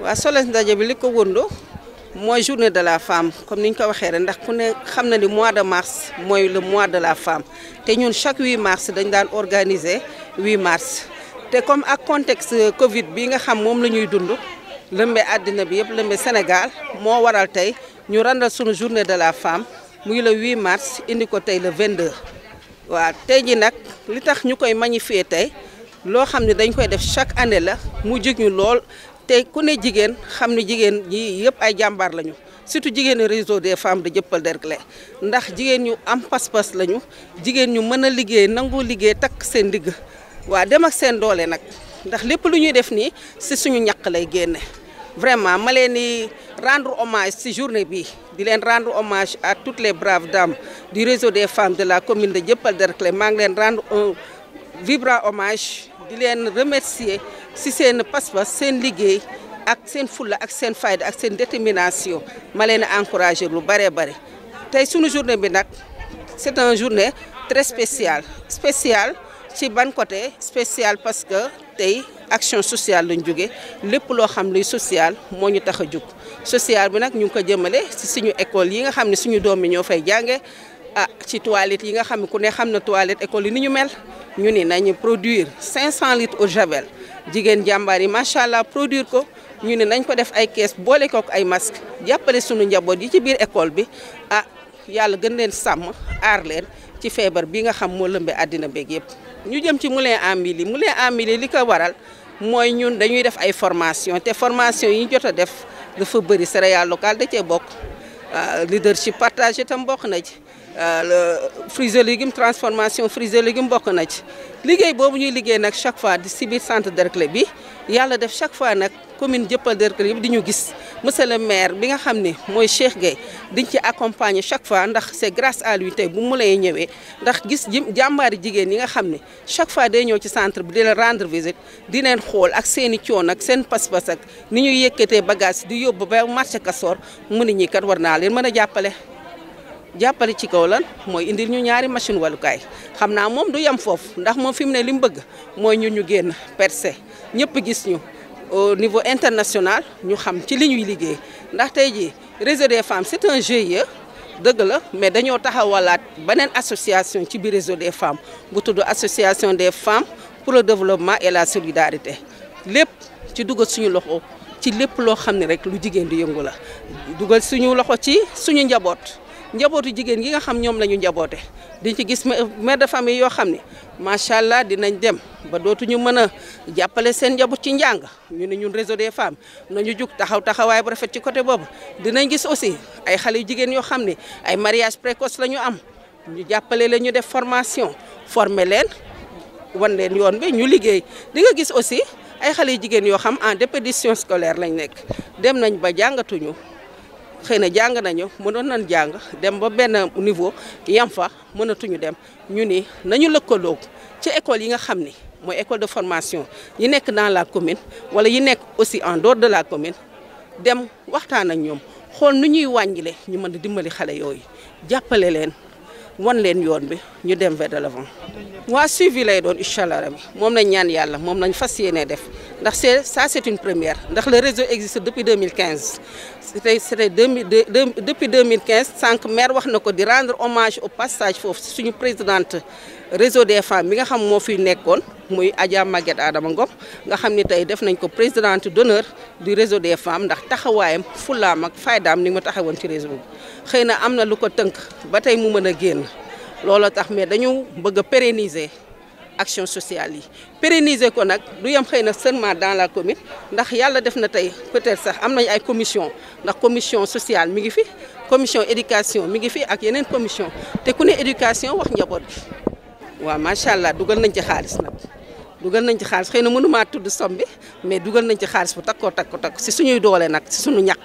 waaw soles ndaje bi li ko wëndu mooy journée de la femme comme niñ ko waxee rek ndax ku ne xam na ni mois de mars mooy le mois de la femme te ñun chaque 8 mars dañ daan organiser 8 mars te comme ak contexte Covid bi nga xam moom la ñuy dund lëmbe àddina bi yëpp lëmbe Sénégal moo waral tey ñu randal sunu journée de la femme muy le 8 mars indi ko tey le 22. waaw tey ji nag li tax ñu koy magnifier tey loo xam ne dañ koy def chaque année la mu jëg ñu lool te ku ne jigéen xam ne jigéen ñi ay jàmbaar lañu surtout jigéenu réseau des femmes de Dieuppeul Derklé ndax jigen ñu am pass pass lañu jigen ñu mëna a liggéey nangu liggéey takk seen ndigg wa dem ak seen doole nak ndax lépp lu ñuy def ni ci suñu ñak lay génné vraiment ma leen rendre hommage ci journée bi di leen rendre hommage à toutes les braves dames du réseau des femmes de la commune de Dieuppeul Derklé ma ngi leen rendre un vibrant hommage di leen remercier si seen pas-pas seen liggéey ak seen fulla ak seen fayda ak seen détermination ma leen encourager lu bare bare tey sunu journée bi nag c'est un journée très spéciale spéciale ci ban côté spéciale parce que tey action sociale lañ jóge lépp loo xam luy social moo ñu tax a social bi nag ñu ngi ko jëmale si suñu école yi nga xam ne suñu doom yi ñoo fay ah ci toilettes yi nga xam ne ku ne xam na toilette école yi ni ñu mel ñu ni nañu produire 500 litres au javel jigéen jàmbaar yi macha allah produire ko ñu ne nañ ko def ay kees boole ko ko ay masques jàppale sunu njaboot yi ci biir école bi ah yàlla gën leen sàmm aar ci feebar bi nga xam moo lëmbee àddina beeg yëpp. ñu jëm ci mulee à mil yi moulin à li ko waral mooy ñun dañuy def ay formation te formation yi jot a def dafa bëri céréales locales da cee bokk ah, leadership partagé tam bokk na ci. Euh, le fruits et légumes transformation fruits et légumes bokk na ci liggéey boobu ñuy liggéey nag chaque fois di biir centre Derklé bi yàlla def chaque fois nag commune Dieuppeul Derklé bi di ñu gis monsieur le maire bi nga xam ne mooy Cheikh Gueye ci accompagner chaque fois ndax c'est grâce à bu mu lay ñëwee ndax gis jàmbaari jigéen yi nga xam ne chaque fois day ñëw ci centre bi di la rendre visite di leen xool ak seen i coon ak seen pas-pas ni ñuy yëkkatee bagage di yóbbu ba marché Castor mu ni kat war naa leen mën a jàppale jàppale ci kaw lan moy indir ñu ñaari machine walukaay xam naa moom du yam fofu ndax mom fi mu ne bëgg moy ñun ñu genn percé ñëpp gis ñu au niveau international ñu xam ci li ñuy liggé ndax tay ji réseau des femmes c'est un GIE dëgg la mais dañoo taxawalat benen association ci biir réseau des femmes bu tuddu association des femmes pour le développement et la solidarité lepp ci dugal suñu loxo ci lepp lo xamni rek lu jigéen di yëngu la dugal suñu loxo ci suñu njaboot njabootu jigéen yi nga xam ñoom la ñu njaboote di ci gis mère de famille yoo xam ne macha allah dinañ dem ba dootuñu mën a jàppale seen njaboot ci njàng ñu ne ñu réseau des femmes nañu jug taxaw taxawaay bu rafet ci côté boobu dinañ gis aussi ay xale yu jigéen yoo xam ne ay mariage précoce la ñu am ñu jàppale leen ñu def formation former leen wan leen yoon bi ñu liggéey di nga gis aussi ay xale yu jigéen yoo xam en déperdition scolaire lañu nekk dem nañ ba jàngatuñu xëy na jàng nañu mën mënoon nañ jàng dem ba benn niveau yam fa mënatuñu dem ñu ni nañu lëkkaloo ci école yi nga xam ni mooy école de formation yi nekk dans la commune wala yi nekk aussi en dehors de la commune dem waxtaan ak ñoom xool nu ñuy wàññile ñu mën a dimbali xale yooyu jàppale leen. wan leen yoon bi ñu dem vers de l'avant waa suivi lay doon à lañ ñaan lañ def ça c'est une première le réseau existe depuis 2015 depuis 2015 5 rendre hommage au passage foofu suñu présidente réseau des femmes bi nga xam Adja Maguette Adama Ngom nga xam présidente d'honneur du réseau des femmes ndax que nous réseau a pérenniser sociale pérenniser seulement dans la commune peut-être commission sociale la commission éducation mi commission waaw macha allah dugal nañ ci xaalis nag dugal nañ ci xaalis xëy na mënumaa tudd som bi mais dugal nañ ci xaalis bu takkoo takko takk si suñuy doole nag si suñu ñaq